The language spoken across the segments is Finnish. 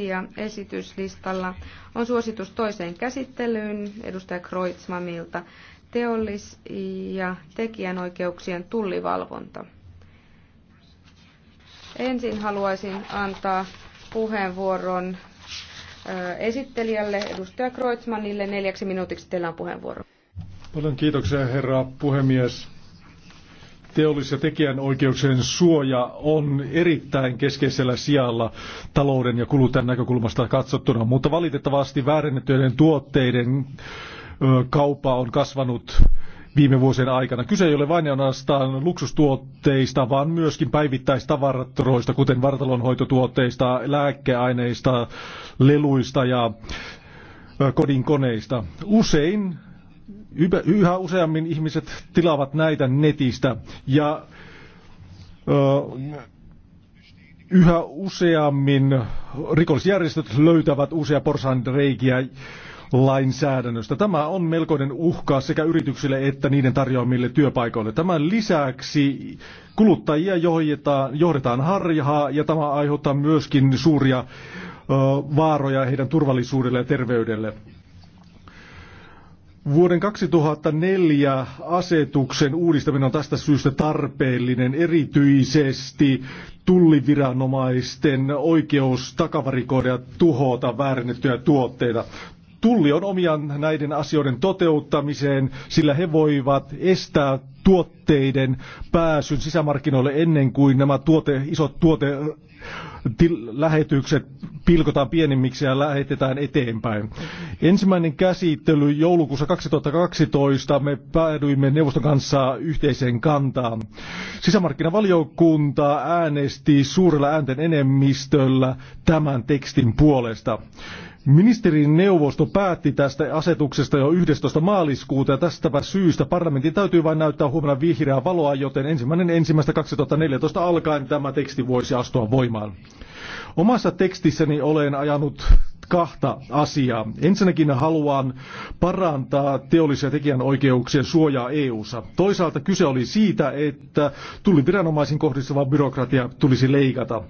asia esityslistalla on suositus toiseen käsittelyyn edustaja Kreutzmanilta teollis- ja tekijänoikeuksien tullivalvonta. Ensin haluaisin antaa puheenvuoron esittelijälle, edustaja Kreutzmanille Neljäksi minuutiksi teillä on puheenvuoro. Paljon kiitoksia, herra puhemies teollis- ja tekijänoikeuksien suoja on erittäin keskeisellä sijalla talouden ja kuluttajan näkökulmasta katsottuna, mutta valitettavasti väärennettyjen tuotteiden kauppa on kasvanut viime vuosien aikana. Kyse ei ole vain ainoastaan luksustuotteista, vaan myöskin päivittäistavaroista, kuten vartalonhoitotuotteista, lääkkeaineista, leluista ja kodinkoneista. Usein Yhä useammin ihmiset tilaavat näitä netistä ja yhä useammin rikollisjärjestöt löytävät uusia porsanreikiä lainsäädännöstä. Tämä on melkoinen uhka sekä yrityksille että niiden tarjoamille työpaikoille. Tämän lisäksi kuluttajia johdetaan, johdetaan harjaa ja tämä aiheuttaa myöskin suuria vaaroja heidän turvallisuudelle ja terveydelle. Vuoden 2004 asetuksen uudistaminen on tästä syystä tarpeellinen erityisesti tulliviranomaisten oikeus takavarikoida ja tuhota väärennettyjä tuotteita. Tulli on omian näiden asioiden toteuttamiseen, sillä he voivat estää tuotteiden pääsyn sisämarkkinoille ennen kuin nämä tuote, isot tuote lähetykset pilkotaan pienimmiksi ja lähetetään eteenpäin. Ensimmäinen käsittely joulukuussa 2012 me päädyimme neuvoston kanssa yhteiseen kantaan. Sisämarkkinavaliokunta äänesti suurella äänten enemmistöllä tämän tekstin puolesta. Ministerin neuvosto päätti tästä asetuksesta jo 11. maaliskuuta ja tästäpä syystä parlamentin täytyy vain näyttää huomenna vihreää valoa, joten ensimmäinen ensimmäistä 2014 alkaen tämä teksti voisi astua voimaan. Omassa tekstissäni olen ajanut kahta asiaa. Ensinnäkin haluan parantaa teollisia tekijänoikeuksien suojaa EU-ssa. Toisaalta kyse oli siitä, että tuli viranomaisin kohdistuva byrokratia tulisi leikata.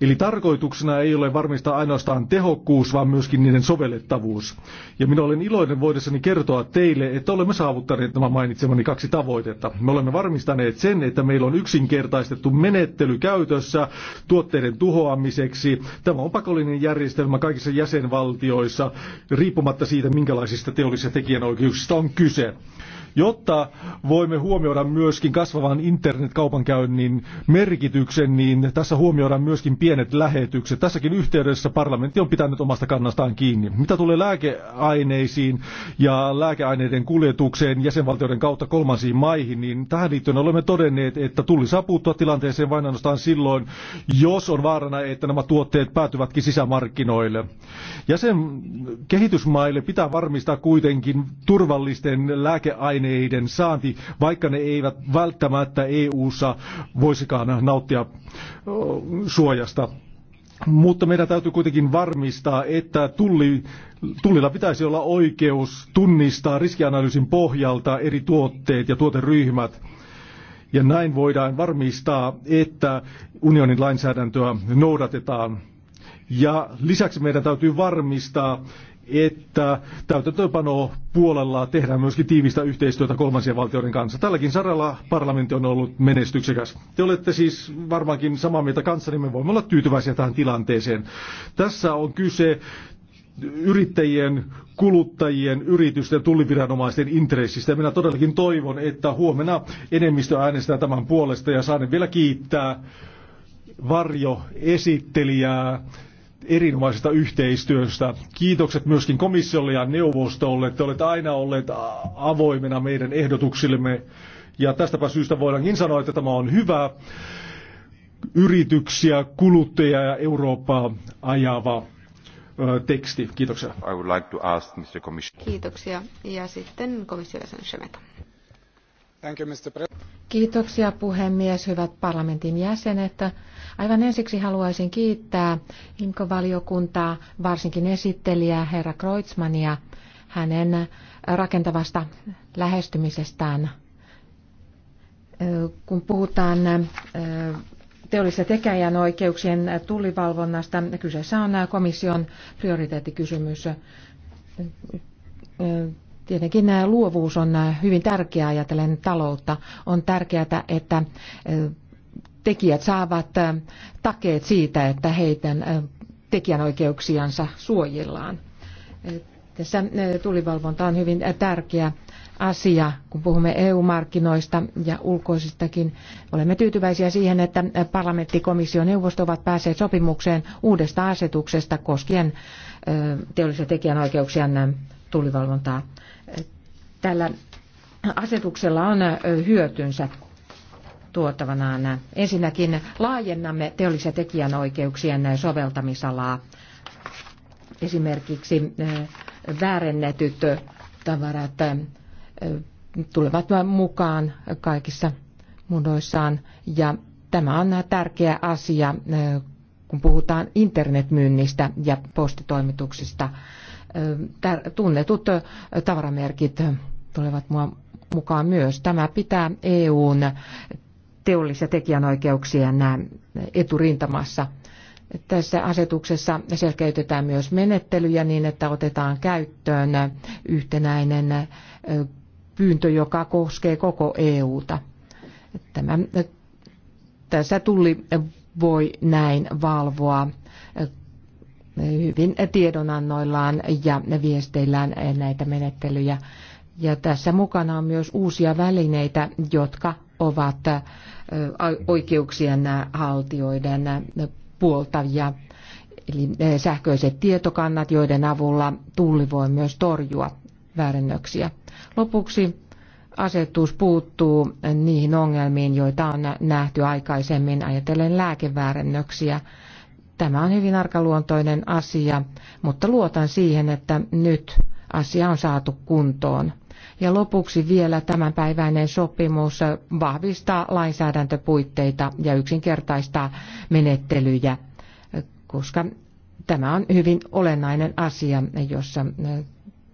Eli tarkoituksena ei ole varmistaa ainoastaan tehokkuus, vaan myöskin niiden sovellettavuus. Ja minä olen iloinen voidessani kertoa teille, että olemme saavuttaneet nämä mainitsemani kaksi tavoitetta. Me olemme varmistaneet sen, että meillä on yksinkertaistettu menettely käytössä tuotteiden tuhoamiseksi. Tämä on pakollinen järjestelmä kaikissa jäsen jäsenvaltioissa, riippumatta siitä, minkälaisista teollisista tekijänoikeuksista on kyse. Jotta voimme huomioida myöskin kasvavan internetkaupankäynnin merkityksen, niin tässä huomioidaan myöskin pienet lähetykset. Tässäkin yhteydessä parlamentti on pitänyt omasta kannastaan kiinni. Mitä tulee lääkeaineisiin ja lääkeaineiden kuljetukseen jäsenvaltioiden kautta kolmansiin maihin, niin tähän liittyen olemme todenneet, että tuli saa puuttua tilanteeseen vain ainoastaan silloin, jos on vaarana, että nämä tuotteet päätyvätkin sisämarkkinoille. Jäsen kehitysmaille pitää varmistaa kuitenkin turvallisten lääkeaineiden saanti, vaikka ne eivät välttämättä EU-ssa voisikaan nauttia suojasta. Mutta meidän täytyy kuitenkin varmistaa, että tulli, tullilla pitäisi olla oikeus tunnistaa riskianalyysin pohjalta eri tuotteet ja tuoteryhmät. Ja näin voidaan varmistaa, että unionin lainsäädäntöä noudatetaan. Ja lisäksi meidän täytyy varmistaa, että täytäntöönpano puolella tehdään myöskin tiivistä yhteistyötä kolmansien valtioiden kanssa. Tälläkin saralla parlamentti on ollut menestyksekäs. Te olette siis varmaankin samaa mieltä kanssa, niin me voimme olla tyytyväisiä tähän tilanteeseen. Tässä on kyse yrittäjien, kuluttajien, yritysten, tulliviranomaisten intressistä. Minä todellakin toivon, että huomenna enemmistö äänestää tämän puolesta ja saan vielä kiittää Varjo esittelijää erinomaisesta yhteistyöstä. Kiitokset myöskin komissiolle ja neuvostolle. Te olette aina olleet avoimena meidän ehdotuksillemme. Ja tästäpä syystä voidaankin sanoa, että tämä on hyvä yrityksiä, kuluttajia ja Eurooppaa ajava ö, teksti. Kiitoksia. I would like to ask Mr. Kiitoksia. Ja sitten komissio Thank you, Mr. President. Kiitoksia puhemies, hyvät parlamentin jäsenet. Aivan ensiksi haluaisin kiittää IMKO-valiokuntaa, varsinkin esittelijää herra Kreutzmania, hänen rakentavasta lähestymisestään. Kun puhutaan tekijän oikeuksien tullivalvonnasta, kyseessä on komission prioriteettikysymys Tietenkin luovuus on hyvin tärkeää ajatellen taloutta. On tärkeää, että tekijät saavat takeet siitä, että heidän tekijänoikeuksiansa suojellaan. Tässä tulivalvonta on hyvin tärkeä asia, kun puhumme EU-markkinoista ja ulkoisistakin. Olemme tyytyväisiä siihen, että parlamentti, komissio ja neuvosto ovat päässeet sopimukseen uudesta asetuksesta koskien teollisia tekijänoikeuksien tuulivalvontaa. Tällä asetuksella on hyötynsä tuottavanaan. Ensinnäkin laajennamme teollisen tekijänoikeuksien soveltamisalaa. Esimerkiksi väärennetyt tavarat tulevat mukaan kaikissa muodoissaan. Ja tämä on tärkeä asia, kun puhutaan internetmyynnistä ja postitoimituksista tunnetut tavaramerkit tulevat mukaan myös. Tämä pitää EUn teollis- ja tekijänoikeuksien eturintamassa. Tässä asetuksessa selkeytetään myös menettelyjä niin, että otetaan käyttöön yhtenäinen pyyntö, joka koskee koko EUta. Tämä, tässä tulli voi näin valvoa hyvin tiedonannoillaan ja viesteillään näitä menettelyjä. Ja tässä mukana on myös uusia välineitä, jotka ovat oikeuksien haltijoiden puoltavia, eli sähköiset tietokannat, joiden avulla tulli voi myös torjua väärennöksiä. Lopuksi asetus puuttuu niihin ongelmiin, joita on nähty aikaisemmin ajatellen lääkeväärennöksiä – Tämä on hyvin arkaluontoinen asia, mutta luotan siihen, että nyt asia on saatu kuntoon. Ja lopuksi vielä tämänpäiväinen sopimus vahvistaa lainsäädäntöpuitteita ja yksinkertaistaa menettelyjä, koska tämä on hyvin olennainen asia, jossa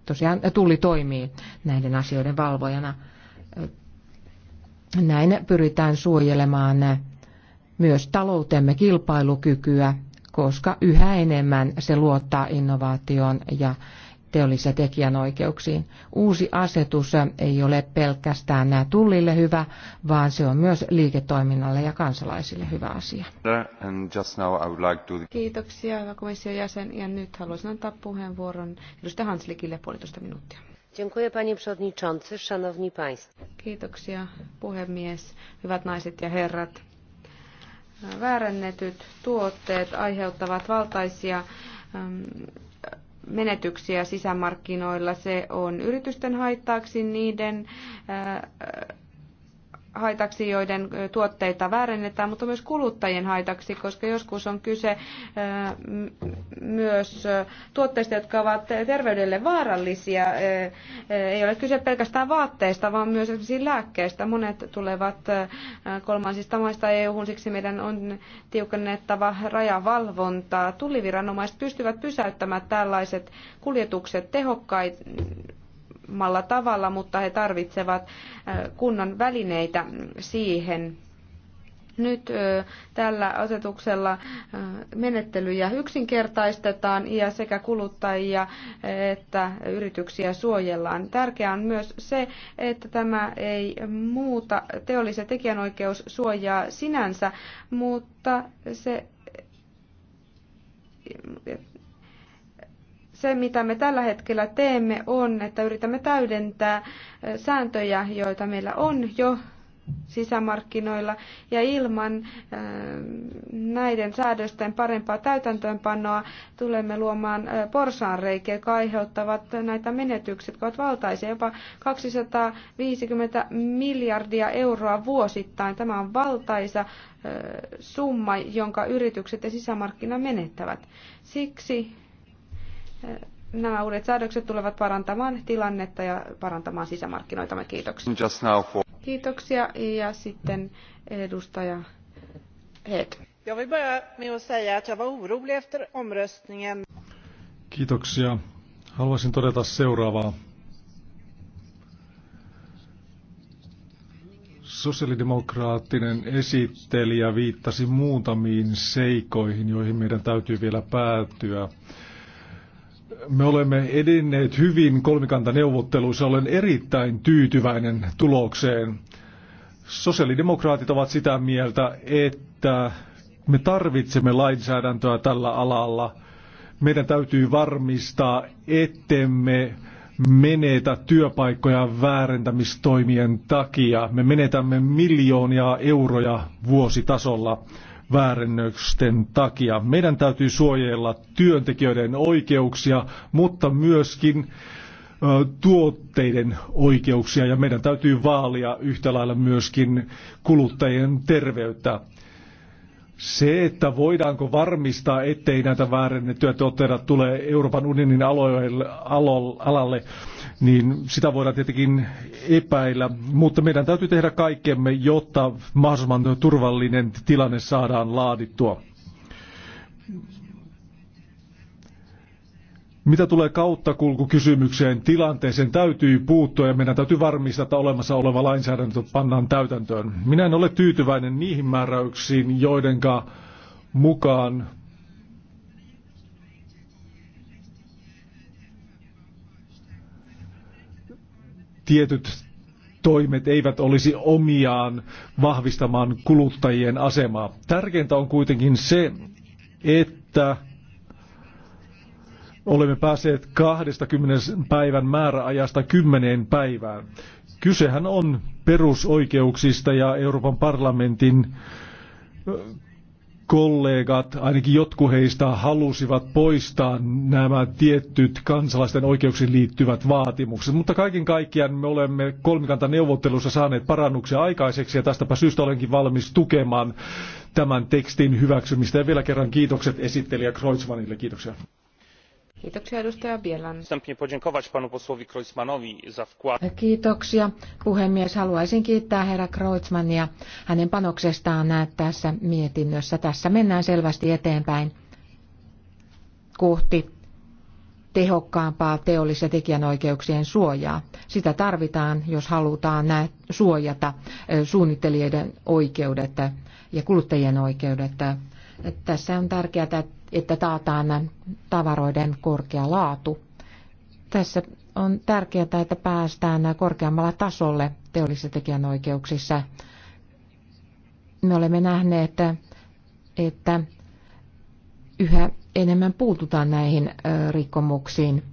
tosiaan tuli toimii näiden asioiden valvojana. Näin pyritään suojelemaan myös taloutemme kilpailukykyä koska yhä enemmän se luottaa innovaatioon ja teollis- ja tekijänoikeuksiin. Uusi asetus ei ole pelkästään nämä tullille hyvä, vaan se on myös liiketoiminnalle ja kansalaisille hyvä asia. Kiitoksia, hyvä komission jäsen. Ja nyt haluaisin antaa puheenvuoron edustaja Hanslikille puolitoista minuuttia. Dziękuję szanowni państwo. Kiitoksia, puhemies, hyvät naiset ja herrat väärännetyt tuotteet aiheuttavat valtaisia menetyksiä sisämarkkinoilla. Se on yritysten haittaaksi niiden haitaksi, joiden tuotteita väärennetään, mutta myös kuluttajien haitaksi, koska joskus on kyse myös tuotteista, jotka ovat terveydelle vaarallisia. Ei ole kyse pelkästään vaatteista, vaan myös esimerkiksi lääkkeistä. Monet tulevat kolmansista maista EU-hun, siksi meidän on tiukennettava rajavalvontaa. Tulliviranomaiset pystyvät pysäyttämään tällaiset kuljetukset tehokkaita paremmalla tavalla, mutta he tarvitsevat äh, kunnan välineitä siihen. Nyt äh, tällä asetuksella äh, menettelyjä yksinkertaistetaan ja sekä kuluttajia että yrityksiä suojellaan. Tärkeää on myös se, että tämä ei muuta teollisen tekijänoikeussuojaa sinänsä, mutta se se, mitä me tällä hetkellä teemme, on, että yritämme täydentää sääntöjä, joita meillä on jo sisämarkkinoilla ja ilman näiden säädösten parempaa täytäntöönpanoa tulemme luomaan porsaanreikiä, jotka aiheuttavat näitä menetyksiä, jotka ovat valtaisia, jopa 250 miljardia euroa vuosittain. Tämä on valtaisa summa, jonka yritykset ja sisämarkkina menettävät. Siksi Nämä uudet säädökset tulevat parantamaan tilannetta ja parantamaan sisämarkkinoitamme. Kiitoksia. Kiitoksia ja sitten edustaja Head. Jag vill börja med att säga att jag var orolig efter omröstningen. Kiitoksia. Haluaisin todeta seuraavaa. Sosialidemokraattinen esittelijä viittasi muutamiin seikoihin, joihin meidän täytyy vielä päätyä. Me olemme edenneet hyvin kolmikantaneuvotteluissa. Olen erittäin tyytyväinen tulokseen. Sosiaalidemokraatit ovat sitä mieltä, että me tarvitsemme lainsäädäntöä tällä alalla. Meidän täytyy varmistaa, ettemme menetä työpaikkoja väärentämistoimien takia. Me menetämme miljoonia euroja vuositasolla väärennösten takia. Meidän täytyy suojella työntekijöiden oikeuksia, mutta myöskin tuotteiden oikeuksia ja meidän täytyy vaalia yhtä lailla myöskin kuluttajien terveyttä. Se, että voidaanko varmistaa, ettei näitä väärennettyjä tuotteita tule Euroopan unionin aloille, alalle, niin sitä voidaan tietenkin epäillä, mutta meidän täytyy tehdä kaikkemme, jotta mahdollisimman turvallinen tilanne saadaan laadittua. Mitä tulee kauttakulkukysymykseen, tilanteeseen täytyy puuttua ja meidän täytyy varmistaa, että olemassa oleva lainsäädäntö pannaan täytäntöön. Minä en ole tyytyväinen niihin määräyksiin, joidenka mukaan tietyt toimet eivät olisi omiaan vahvistamaan kuluttajien asemaa. Tärkeintä on kuitenkin se, että olemme päässeet 20 päivän määräajasta 10 päivään. Kysehän on perusoikeuksista ja Euroopan parlamentin kollegat, ainakin jotkut heistä, halusivat poistaa nämä tietyt kansalaisten oikeuksiin liittyvät vaatimukset. Mutta kaiken kaikkiaan me olemme kolmikantaneuvottelussa saaneet parannuksia aikaiseksi ja tästäpä syystä olenkin valmis tukemaan tämän tekstin hyväksymistä. Ja vielä kerran kiitokset esittelijä Kreutzmannille. Kiitoksia. Kiitoksia edustaja Bielan. Kiitoksia puhemies. Haluaisin kiittää herra Kreutzmannia hänen panoksestaan tässä mietinnössä. Tässä mennään selvästi eteenpäin kohti tehokkaampaa teollis- ja tekijänoikeuksien suojaa. Sitä tarvitaan, jos halutaan suojata suunnittelijoiden oikeudet ja kuluttajien oikeudet. Tässä on tärkeää että taataan tavaroiden korkea laatu. Tässä on tärkeää, että päästään korkeammalla tasolle teollisissa tekijänoikeuksissa. Me olemme nähneet, että yhä enemmän puututaan näihin rikkomuksiin.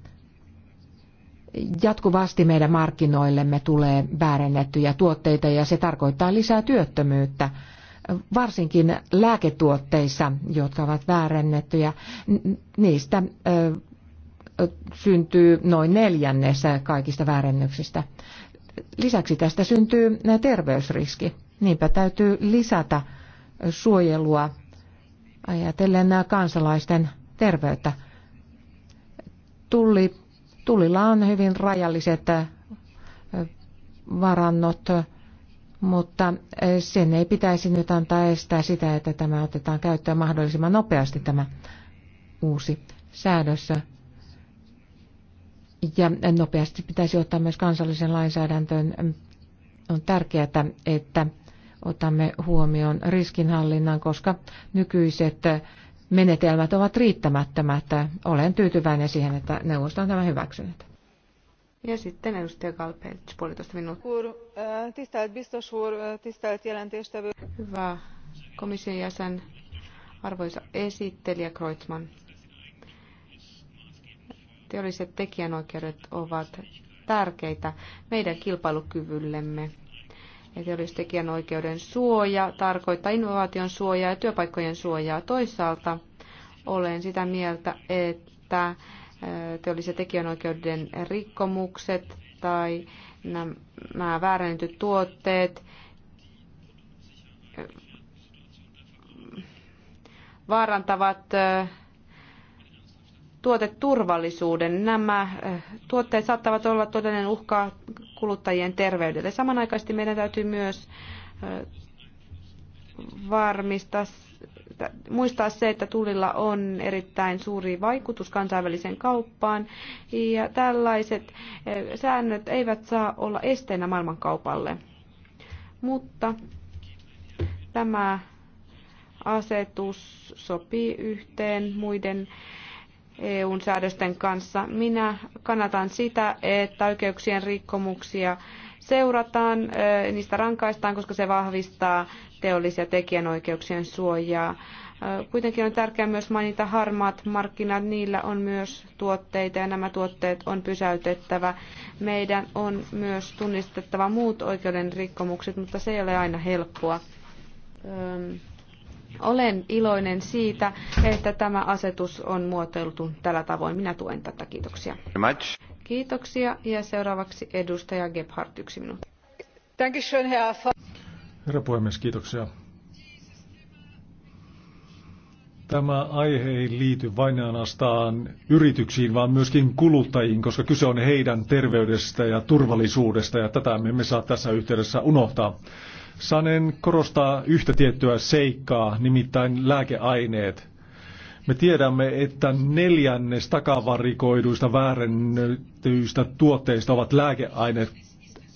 Jatkuvasti meidän markkinoillemme tulee väärennettyjä tuotteita ja se tarkoittaa lisää työttömyyttä varsinkin lääketuotteissa, jotka ovat väärennettyjä, niistä syntyy noin neljännes kaikista väärennyksistä. Lisäksi tästä syntyy terveysriski. Niinpä täytyy lisätä suojelua ajatellen kansalaisten terveyttä. Tulli, tullilla on hyvin rajalliset varannot mutta eh, sen ei pitäisi nyt antaa estää sitä, että tämä otetaan käyttöön mahdollisimman nopeasti tämä uusi säädös. Ja nopeasti pitäisi ottaa myös kansallisen lainsäädäntöön. On tärkeää, että otamme huomioon riskinhallinnan, koska nykyiset menetelmät ovat riittämättömät. Olen tyytyväinen siihen, että neuvosto on tämä hyväksynyt. Ja sitten edustaja Kalpelts, puolitoista minuuttia. Tisztelt biztos úr, tisztelt jelentéstevő. Hyvä komission jäsen, arvoisa esittelijä Kreutzmann. Teolliset tekijänoikeudet ovat tärkeitä meidän kilpailukyvyllemme. Ja teolliset tekijänoikeuden suoja tarkoittaa innovaation suojaa ja työpaikkojen suojaa. Toisaalta olen sitä mieltä, että teollisen tekijänoikeuden rikkomukset tai nämä väärännetyt tuotteet vaarantavat tuoteturvallisuuden. Nämä tuotteet saattavat olla todellinen uhka kuluttajien terveydelle. Samanaikaisesti meidän täytyy myös varmistaa, muistaa se, että tulilla on erittäin suuri vaikutus kansainväliseen kauppaan ja tällaiset eh, säännöt eivät saa olla esteenä maailmankaupalle. Mutta tämä asetus sopii yhteen muiden eu säädösten kanssa. Minä kannatan sitä, että oikeuksien rikkomuksia seurataan, niistä rankaistaan, koska se vahvistaa teollisia tekijänoikeuksien suojaa. Kuitenkin on tärkeää myös mainita harmaat markkinat, niillä on myös tuotteita ja nämä tuotteet on pysäytettävä. Meidän on myös tunnistettava muut oikeuden rikkomukset, mutta se ei ole aina helppoa. Olen iloinen siitä, että tämä asetus on muotoiltu tällä tavoin. Minä tuen tätä. Kiitoksia. Kiitoksia. Ja seuraavaksi edustaja Gebhardt, yksi minuutti. Herra puhemies, kiitoksia. Tämä aihe ei liity vain ainoastaan yrityksiin, vaan myöskin kuluttajiin, koska kyse on heidän terveydestä ja turvallisuudesta, ja tätä me emme saa tässä yhteydessä unohtaa. Sanen korostaa yhtä tiettyä seikkaa, nimittäin lääkeaineet. Me tiedämme, että neljännes takavarikoiduista väärennetyistä tuotteista ovat lääkeaine,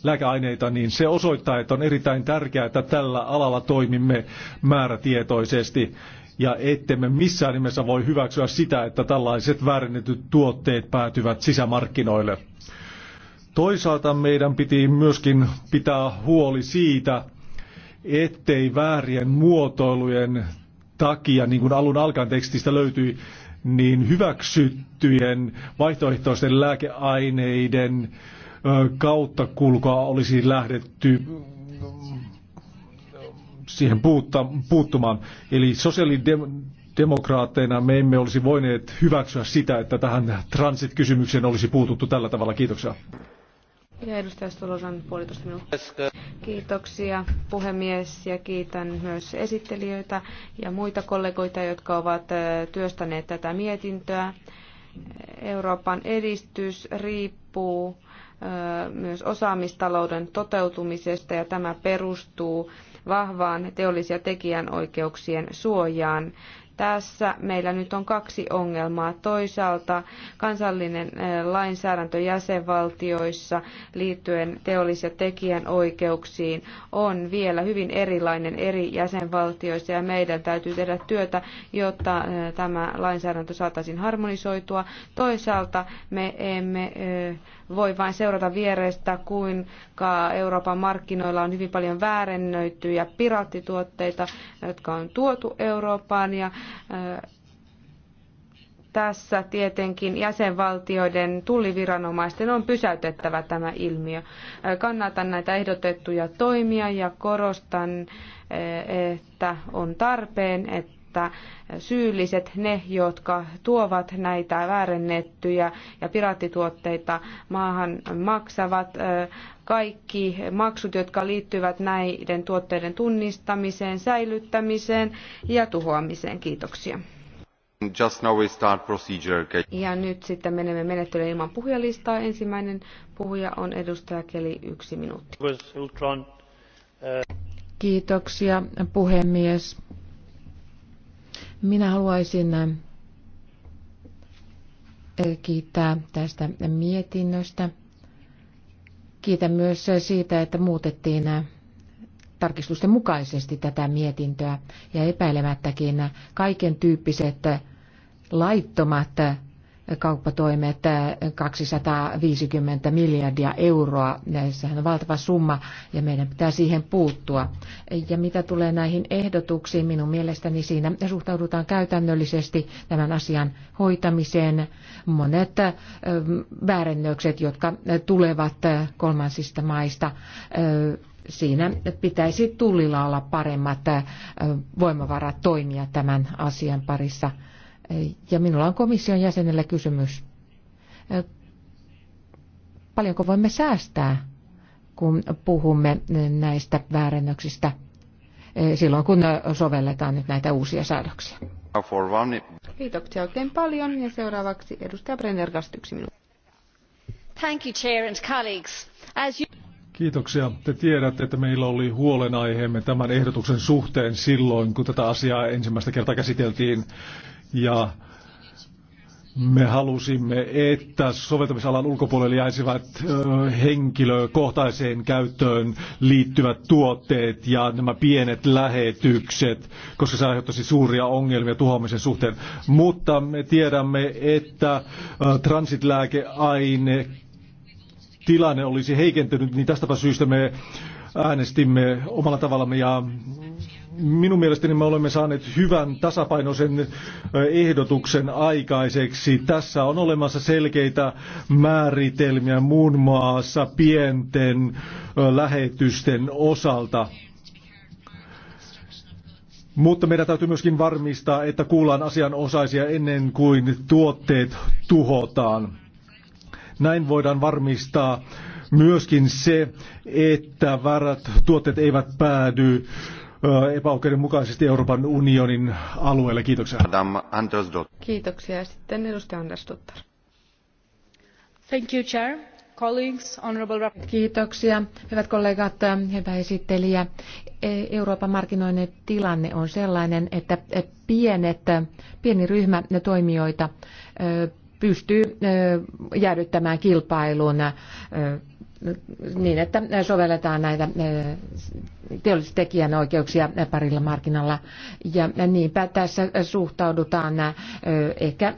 lääkeaineita, niin se osoittaa, että on erittäin tärkeää, että tällä alalla toimimme määrätietoisesti ja ettemme missään nimessä voi hyväksyä sitä, että tällaiset väärennetyt tuotteet päätyvät sisämarkkinoille. Toisaalta meidän piti myöskin pitää huoli siitä, ettei väärien muotoilujen takia, niin kuin alun alkaen tekstistä löytyi, niin hyväksyttyjen vaihtoehtoisten lääkeaineiden kautta kulkoa olisi lähdetty mm, siihen puutta, puuttumaan. Eli sosiaalidemokraatteina me emme olisi voineet hyväksyä sitä, että tähän transit-kysymykseen olisi puututtu tällä tavalla. Kiitoksia. Ja edustaja Stolosan puolitoista minuuttia. Kiitoksia puhemies ja kiitän myös esittelijöitä ja muita kollegoita, jotka ovat työstäneet tätä mietintöä. Euroopan edistys riippuu myös osaamistalouden toteutumisesta ja tämä perustuu vahvaan teollisia tekijänoikeuksien suojaan. Tässä meillä nyt on kaksi ongelmaa. Toisaalta kansallinen lainsäädäntö jäsenvaltioissa liittyen teollis- ja tekijänoikeuksiin on vielä hyvin erilainen eri jäsenvaltioissa ja meidän täytyy tehdä työtä, jotta tämä lainsäädäntö saataisiin harmonisoitua. Toisaalta me emme voi vain seurata vierestä, kuinka Euroopan markkinoilla on hyvin paljon väärennöityjä piraattituotteita, jotka on tuotu Eurooppaan ja tässä tietenkin jäsenvaltioiden tulliviranomaisten on pysäytettävä tämä ilmiö. Kannatan näitä ehdotettuja toimia ja korostan, että on tarpeen, että että syylliset, ne, jotka tuovat näitä väärennettyjä ja piraattituotteita maahan, maksavat kaikki maksut, jotka liittyvät näiden tuotteiden tunnistamiseen, säilyttämiseen ja tuhoamiseen. Kiitoksia. Just now we start procedure. Ja nyt sitten menemme menettelyyn ilman puhujalistaa. Ensimmäinen puhuja on edustaja Keli, yksi minuutti. Kiitoksia puhemies. Minä haluaisin kiittää tästä mietinnöstä. Kiitän myös siitä, että muutettiin tarkistusten mukaisesti tätä mietintöä ja epäilemättäkin kaiken tyyppiset laittomat kauppatoimet 250 miljardia euroa. Sehän on valtava summa ja meidän pitää siihen puuttua. Ja mitä tulee näihin ehdotuksiin, minun mielestäni siinä suhtaudutaan käytännöllisesti tämän asian hoitamiseen. Monet väärennökset, jotka tulevat kolmansista maista, siinä pitäisi tullilla olla paremmat voimavarat toimia tämän asian parissa – ja minulla on komission jäsenellä kysymys. Paljonko voimme säästää, kun puhumme näistä väärennöksistä silloin, kun sovelletaan nyt näitä uusia säädöksiä? Kiitoksia oikein paljon ja seuraavaksi edustaja Brennergast yksi minuutti. Thank you, chair and colleagues. As you... Kiitoksia. Te tiedätte, että meillä oli huolenaiheemme tämän ehdotuksen suhteen silloin, kun tätä asiaa ensimmäistä kertaa käsiteltiin ja me halusimme, että soveltamisalan ulkopuolelle jäisivät henkilökohtaiseen käyttöön liittyvät tuotteet ja nämä pienet lähetykset, koska se aiheuttaisi suuria ongelmia tuhoamisen suhteen. Mutta me tiedämme, että transitlääkeaine tilanne olisi heikentynyt, niin tästäpä syystä me äänestimme omalla tavallamme ja minun mielestäni me olemme saaneet hyvän tasapainoisen ehdotuksen aikaiseksi. Tässä on olemassa selkeitä määritelmiä muun muassa pienten lähetysten osalta. Mutta meidän täytyy myöskin varmistaa, että kuullaan asianosaisia ennen kuin tuotteet tuhotaan. Näin voidaan varmistaa myöskin se, että väärät tuotteet eivät päädy epäoikeudenmukaisesti Euroopan unionin alueelle. Kiitoksia. Kiitoksia. Sitten edustaja Anders Duttar. Thank you, Chair. Kiitoksia. Hyvät kollegat, hyvä esittelijä. E, Euroopan markkinoiden tilanne on sellainen, että pienet, pieni ryhmä toimijoita pystyy jäädyttämään kilpailun niin, että sovelletaan näitä oikeuksia parilla markkinalla. Ja niinpä tässä suhtaudutaan ehkä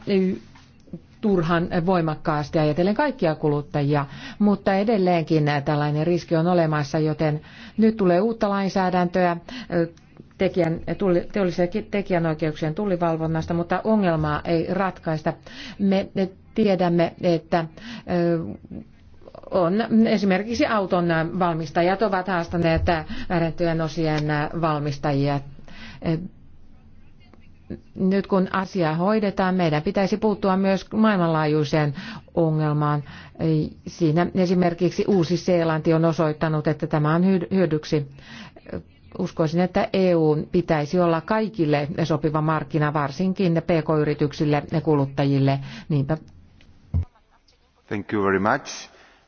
turhan voimakkaasti ajatellen kaikkia kuluttajia, mutta edelleenkin tällainen riski on olemassa, joten nyt tulee uutta lainsäädäntöä tekijän, teollisen tekijänoikeuksien tullivalvonnasta, mutta ongelmaa ei ratkaista. Me tiedämme, että on esimerkiksi auton valmistajat ovat haastaneet väärentyjen osien valmistajia. Nyt kun asia hoidetaan, meidän pitäisi puuttua myös maailmanlaajuiseen ongelmaan. Siinä esimerkiksi Uusi-Seelanti on osoittanut, että tämä on hyödyksi uskoisin, että EU pitäisi olla kaikille sopiva markkina, varsinkin pk-yrityksille ja kuluttajille. Niinpä. Thank you very much.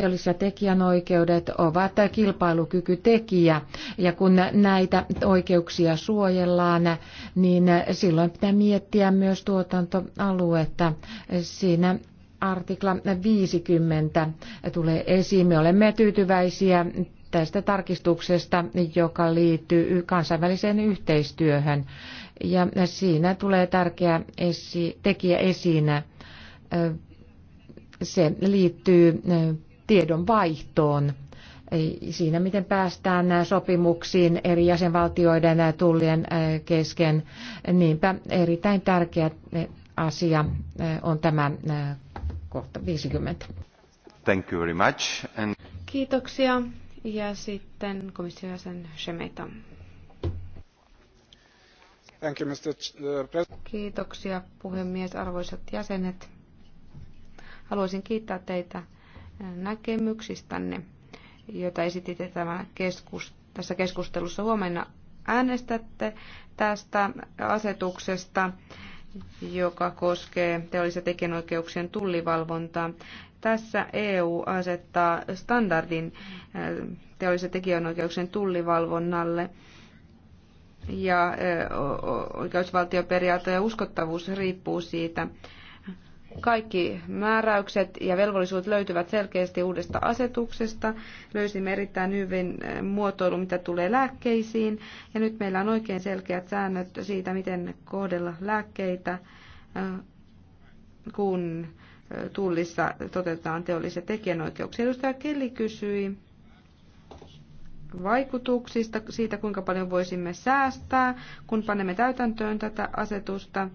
teollis- ja tekijänoikeudet ovat kilpailukykytekijä. Ja kun näitä oikeuksia suojellaan, niin silloin pitää miettiä myös tuotantoaluetta. Siinä artikla 50 tulee esiin. Me olemme tyytyväisiä tästä tarkistuksesta, joka liittyy kansainväliseen yhteistyöhön. Ja siinä tulee tärkeä esi- tekijä esiin se liittyy tiedon vaihtoon siinä, miten päästään sopimuksiin eri jäsenvaltioiden tullien kesken. Niinpä erittäin tärkeä asia on tämä kohta 50. Thank you very much. And... Kiitoksia. Ja sitten komission jäsen Shemeta. Thank you, Mr. President. Kiitoksia puhemies, arvoisat jäsenet. Haluaisin kiittää teitä näkemyksistänne, joita esititte tämän keskus, tässä keskustelussa. Huomenna äänestätte tästä asetuksesta, joka koskee teollisen tekijänoikeuksien tullivalvontaa. Tässä EU asettaa standardin teollisen tekijänoikeuksien tullivalvonnalle ja oikeusvaltioperiaate ja uskottavuus riippuu siitä, kaikki määräykset ja velvollisuudet löytyvät selkeästi uudesta asetuksesta. Löysimme erittäin hyvin eh, muotoilu, mitä tulee lääkkeisiin. Ja nyt meillä on oikein selkeät säännöt siitä, miten kohdella lääkkeitä, eh, kun eh, tullissa toteutetaan teollisia tekijänoikeuksia. Edustaja Kelli kysyi vaikutuksista, siitä kuinka paljon voisimme säästää, kun panemme täytäntöön tätä asetusta.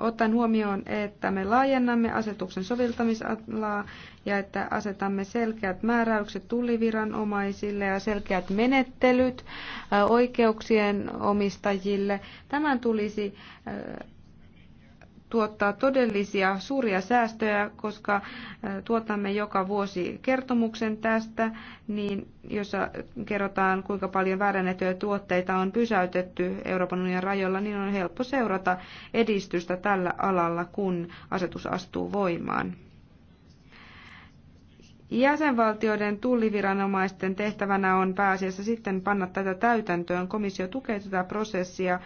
Ottaen huomioon, että me laajennamme asetuksen soveltamisalaa ja että asetamme selkeät määräykset tulliviranomaisille ja selkeät menettelyt oikeuksien omistajille, tämän tulisi tuottaa todellisia suuria säästöjä, koska tuotamme joka vuosi kertomuksen tästä, niin jossa kerrotaan, kuinka paljon väärennettyjä tuotteita on pysäytetty Euroopan unionin rajoilla, niin on helppo seurata edistystä tällä alalla, kun asetus astuu voimaan. Jäsenvaltioiden tulliviranomaisten tehtävänä on pääasiassa sitten panna tätä täytäntöön. Komissio tukee tätä prosessia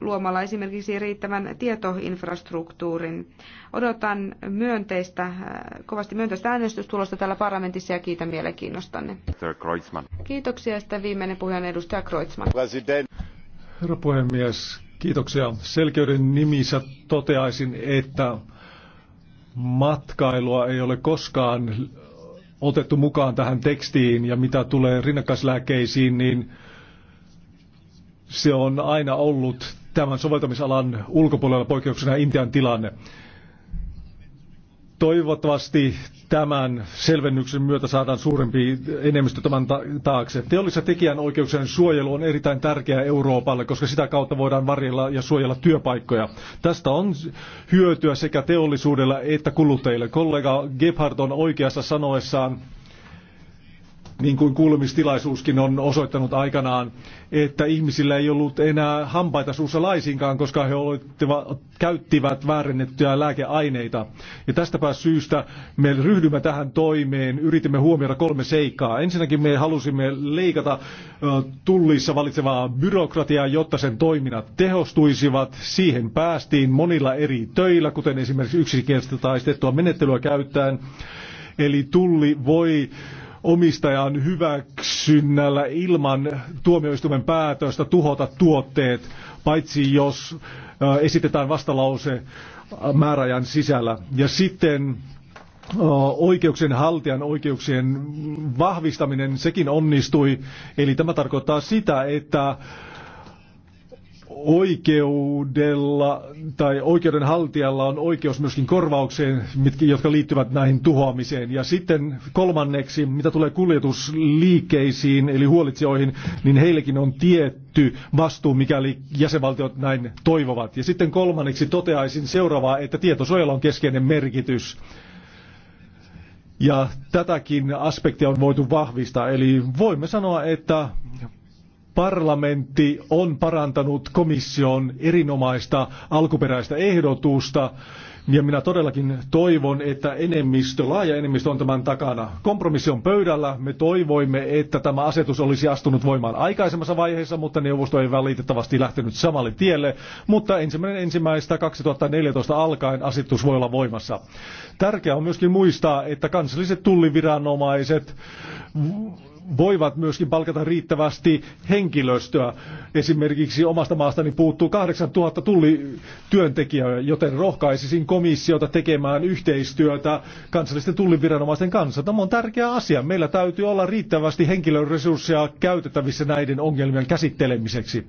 luomalla esimerkiksi riittävän tietoinfrastruktuurin. Odotan myönteistä, äh, kovasti myönteistä äänestystulosta täällä parlamentissa ja kiitän mielenkiinnostanne. Kiitoksia. Sitten viimeinen puheen edustaja Kreutzmann. President. Herra puhemies, kiitoksia. Selkeyden nimissä toteaisin, että matkailua ei ole koskaan otettu mukaan tähän tekstiin ja mitä tulee rinnakkaislääkkeisiin, niin se on aina ollut tämän soveltamisalan ulkopuolella poikkeuksena Intian tilanne. Toivottavasti tämän selvennyksen myötä saadaan suurempi enemmistö tämän taakse. Teollisen tekijänoikeuksien suojelu on erittäin tärkeää Euroopalle, koska sitä kautta voidaan varjella ja suojella työpaikkoja. Tästä on hyötyä sekä teollisuudella että kuluttajille. Kollega Gebhardt on oikeassa sanoessaan, niin kuin kuulemistilaisuuskin on osoittanut aikanaan, että ihmisillä ei ollut enää hampaita suussa laisinkaan, koska he käyttivät väärennettyjä lääkeaineita. Ja tästäpä syystä me ryhdymme tähän toimeen, yritimme huomioida kolme seikkaa. Ensinnäkin me halusimme leikata tullissa valitsevaa byrokratiaa, jotta sen toiminnat tehostuisivat. Siihen päästiin monilla eri töillä, kuten esimerkiksi yksinkertaistettua menettelyä käyttäen. Eli tulli voi omistajan hyväksynnällä ilman tuomioistuimen päätöstä tuhota tuotteet, paitsi jos äh, esitetään vastalause äh, määräajan sisällä. Ja sitten äh, oikeuksien haltijan oikeuksien vahvistaminen, sekin onnistui. Eli tämä tarkoittaa sitä, että oikeudella tai oikeudenhaltijalla on oikeus myöskin korvaukseen, mitkä, jotka liittyvät näihin tuhoamiseen. Ja sitten kolmanneksi, mitä tulee kuljetusliikkeisiin eli huolitsijoihin, niin heillekin on tietty vastuu, mikäli jäsenvaltiot näin toivovat. Ja sitten kolmanneksi toteaisin seuraavaa, että tietosuojalla on keskeinen merkitys. Ja tätäkin aspektia on voitu vahvistaa, eli voimme sanoa, että parlamentti on parantanut komission erinomaista alkuperäistä ehdotusta. Ja minä todellakin toivon, että enemmistö, laaja enemmistö on tämän takana. Kompromissi on pöydällä. Me toivoimme, että tämä asetus olisi astunut voimaan aikaisemmassa vaiheessa, mutta neuvosto ei valitettavasti lähtenyt samalle tielle. Mutta ensimmäinen ensimmäistä 2014 alkaen asetus voi olla voimassa. Tärkeää on myöskin muistaa, että kansalliset tulliviranomaiset voivat myöskin palkata riittävästi henkilöstöä. Esimerkiksi omasta maastani puuttuu 8000 tullityöntekijää, joten rohkaisisin komissiota tekemään yhteistyötä kansallisten tulliviranomaisten kanssa. Tämä on tärkeä asia. Meillä täytyy olla riittävästi henkilöresursseja käytettävissä näiden ongelmien käsittelemiseksi.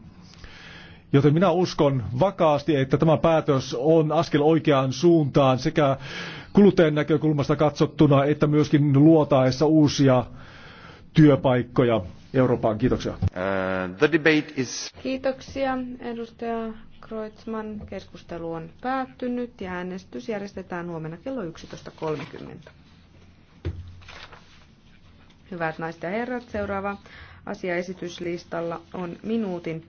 Joten minä uskon vakaasti, että tämä päätös on askel oikeaan suuntaan sekä kuluttajan näkökulmasta katsottuna, että myöskin luotaessa uusia työpaikkoja Eurooppaan. Kiitoksia. Uh, the debate is... Kiitoksia, edustaja Kreutzmann. Keskustelu on päättynyt ja äänestys järjestetään huomenna kello 11.30. Hyvät naiset ja herrat, seuraava asiaesityslistalla on minuutin